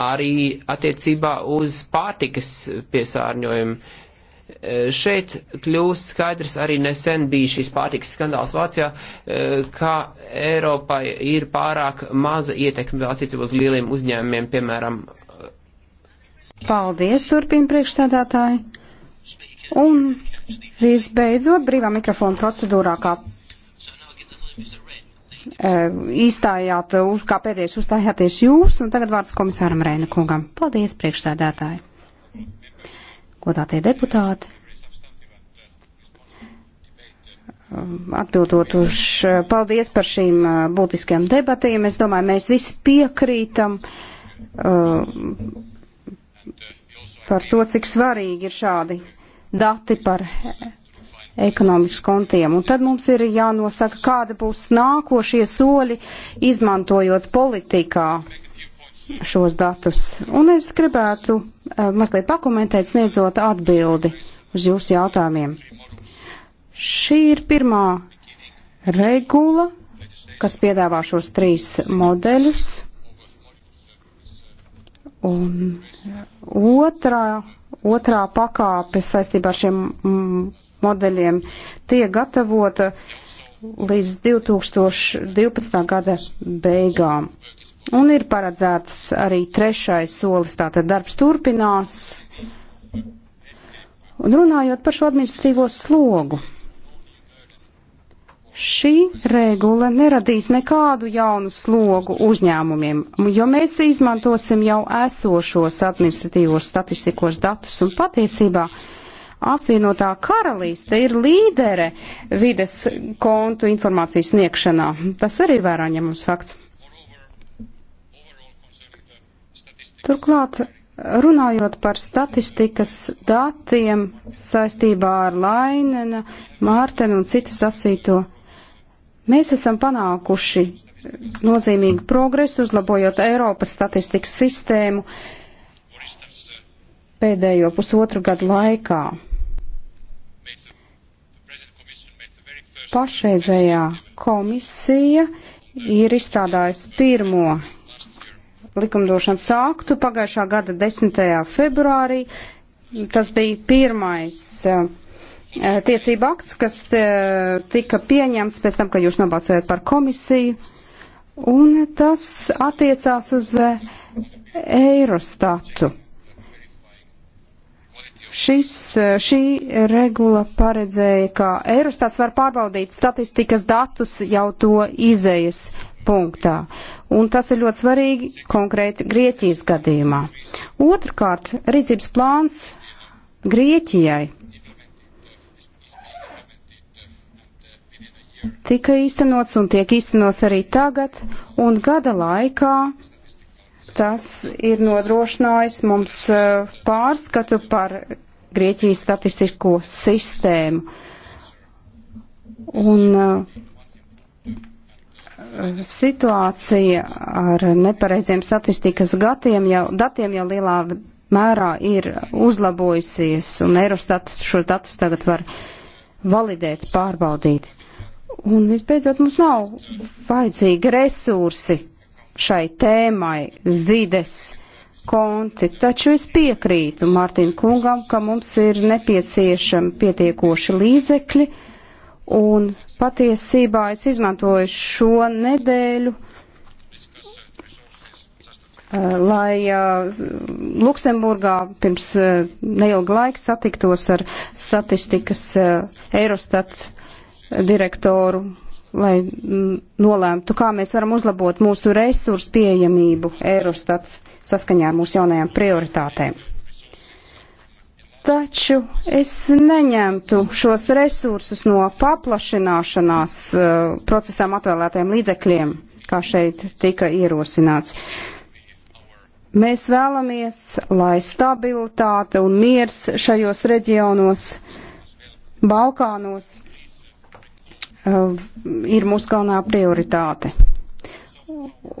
arī attiecībā uz pārtikas piesārņojumu. Uh, šeit kļūst skaidrs arī nesen bija šis pārtikas skandāls Vācijā, uh, ka Eiropai ir pārāk maza ietekme attiecībā uz lieliem uzņēmumiem, piemēram. Paldies, turpina priekšsēdētāji. Un visbeidzot, brīvā mikrofona procedūrā, kā Eh, izstājāt, uz, kā pēdējais uzstājāties jūs, un tagad vārds komisāram Reina kungam. Paldies, priekšsēdētāji. Godātie deputāti. Atbildot uz paldies par šīm eh, būtiskajām debatēm, es domāju, mēs visi piekrītam uh, par to, cik svarīgi ir šādi dati par ekonomikas kontiem. Un tad mums ir jānosaka, kāda būs nākošie soļi, izmantojot politikā šos datus. Un es gribētu eh, mazliet pakomentēt, sniedzot atbildi uz jūsu jautājumiem. Šī ir pirmā regula, kas piedāvā šos trīs modeļus. Un otrā, otrā pakāpe saistībā ar šiem modeļiem tiek gatavota līdz 2012. gada beigām. Un ir paredzēts arī trešais solis, tātad darbs turpinās. Un runājot par šo administratīvo slogu, šī regula neradīs nekādu jaunu slogu uzņēmumiem, jo mēs izmantosim jau esošos administratīvos statistikos datus un patiesībā apvienotā karalīste ir līdere vides kontu informācijas sniegšanā. Tas arī ir vērā ņemams fakts. Turklāt, runājot par statistikas datiem saistībā ar Lainena, Mārtena un citu sacīto, mēs esam panākuši nozīmīgu progresu, uzlabojot Eiropas statistikas sistēmu pēdējo pusotru gadu laikā. Pašreizējā komisija ir izstrādājusi pirmo likumdošanas aktu pagājušā gada 10. februārī. Tas bija pirmais eh, eh, tiesība akts, kas eh, tika pieņemts pēc tam, ka jūs nobalsojat par komisiju. Un tas attiecās uz Eirostatu. Šis, eh, šī regula paredzēja, ka Eurostats var pārbaudīt statistikas datus jau to izējas punktā. Un tas ir ļoti svarīgi konkrēti Grieķijas gadījumā. Otrkārt, rīcības plāns Grieķijai tika īstenots un tiek īstenots arī tagad, un gada laikā Tas ir nodrošinājis mums eh, pārskatu par Grieķijas statistisko sistēmu. Un eh, situācija ar nepareiziem statistikas gatiem jau, datiem jau lielā mērā ir uzlabojusies, un Eurostat šo datus tagad var validēt, pārbaudīt. Un visbeidzot, mums nav vajadzīgi resursi, šai tēmai vides konti, taču es piekrītu Mārtiņu kungam, ka mums ir nepieciešami pietiekoši līdzekļi, un patiesībā es izmantoju šo nedēļu, eh, lai eh, Luksemburgā pirms eh, neilga laika satiktos ar statistikas Eurostat direktoru lai mm, nolēmtu, kā mēs varam uzlabot mūsu resursu pieejamību Eurostat saskaņā ar mūsu jaunajām prioritātēm. Taču es neņemtu šos resursus no paplašināšanās uh, procesām atvēlētiem līdzekļiem, kā šeit tika ierosināts. Mēs vēlamies, lai stabilitāte un miers šajos reģionos, Balkānos, Uh, ir mūsu galvenā prioritāte.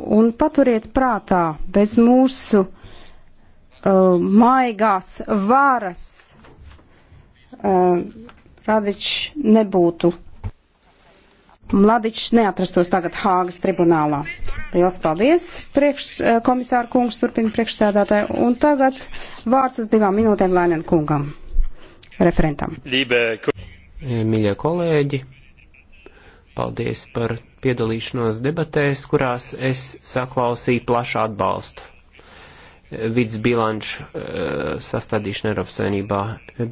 Un paturiet prātā, bez mūsu uh, maigās varas uh, Radičs nebūtu. Mladičs neatrastos tagad Hāgas tribunālā. Lielas paldies, priekš, uh, komisāra kungs, turpina priekšsēdātāji. Un tagad vārds uz divām minūtēm Lainen kungam, referentam. Mīļie kolēģi, Paldies par piedalīšanos debatēs, kurās es saklausīju plašu atbalstu vidas bilanču eh, sastādīšana Eiropas Savienībā.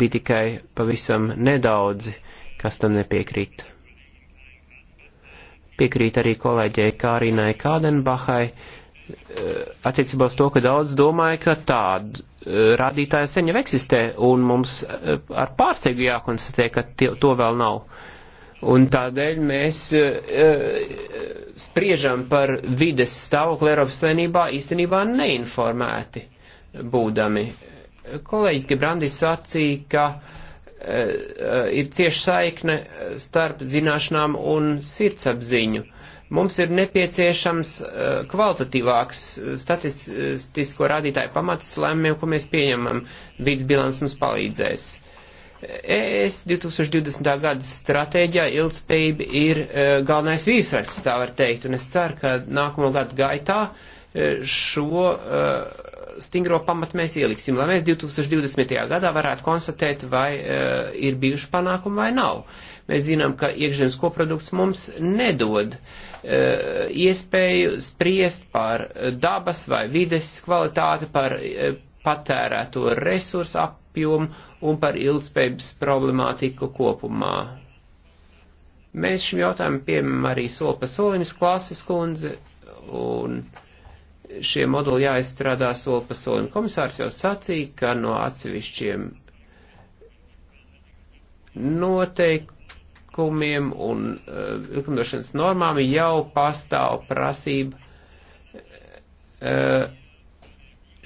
Bija tikai pavisam nedaudzi, kas tam nepiekrīt. Piekrīt arī kolēģei Kārinai Kādenbahai eh, attiecībā uz to, ka daudz domāja, ka tāda eh, rādītāja sen jau eksistē, un mums ar pārsteigu jākonstatē, ka to vēl nav. Un tādēļ mēs e, e, spriežam par vides stāvokli Eiropas Savienībā īstenībā neinformēti būdami. Kolēģis Gebrandis sacīja, ka e, ir cieši saikne starp zināšanām un sirdsapziņu. Mums ir nepieciešams kvalitatīvāks statistisko rādītāju pamats lēmumiem, ko mēs pieņemam. Vides bilants mums palīdzēs. Uh, Es 2020. gada stratēģijā ilgspējība ir uh, galvenais vīzraksts, tā var teikt, un es ceru, ka nākamo gadu gaitā e, šo uh, stingro pamatu mēs ieliksim, lai mēs 2020. gadā varētu konstatēt, vai uh, ir bijuši panākumi vai nav. Mēs zinām, ka iekšzemes koprodukts mums nedod uh, iespēju spriest par dabas vai vides kvalitāti, par uh, patērēto resursu ap apjomu un par ilgspējības problemātiku kopumā. Mēs šim jautājumam piemēram arī soli pa solinis klases kundze un šie moduli jāizstrādā soli pa solim. Komisārs jau sacīja, ka no atsevišķiem noteikumiem un uh, likumdošanas normām jau pastāv prasība uh,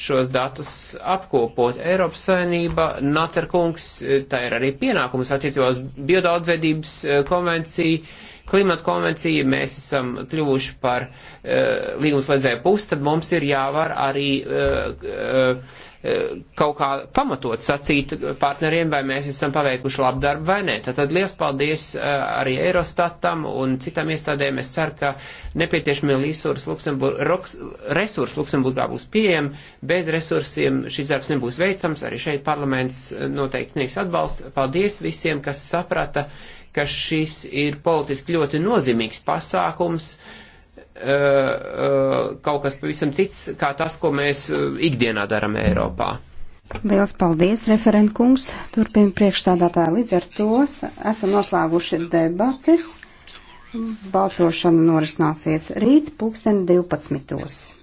šos datus apkopot. Eiropas Savienība, Naterkungs, tā ir arī pienākums attiecībā uz biodaudzvedības eh, konvenciju, klimata konvenciju, mēs esam kļuvuši par uh, eh, līgumslēdzēju pusi, tad mums ir jāvar arī uh, uh, kaut kā pamatot sacīt partneriem, vai mēs esam paveikuši labu darbu vai nē. Tātad liels paldies arī Eurostatam un citām iestādēm. Es ceru, ka nepieciešamie Luksemburg, resursi Luksemburgā būs pieejami. Bez resursiem šis darbs nebūs veicams. Arī šeit parlaments noteikti sniegs atbalstu. Paldies visiem, kas saprata ka šis ir politiski ļoti nozīmīgs pasākums, eh, eh, kaut kas pavisam cits, kā tas, ko mēs eh, ikdienā daram Eiropā. Liels paldies, referentkungs. Turpin priekšstādātāji līdz ar to esam noslēguši debates. Balsošana norisināsies rīt pulksten 12.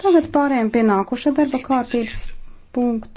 Tagad pārējiem pienākuša darba kārtības punkti.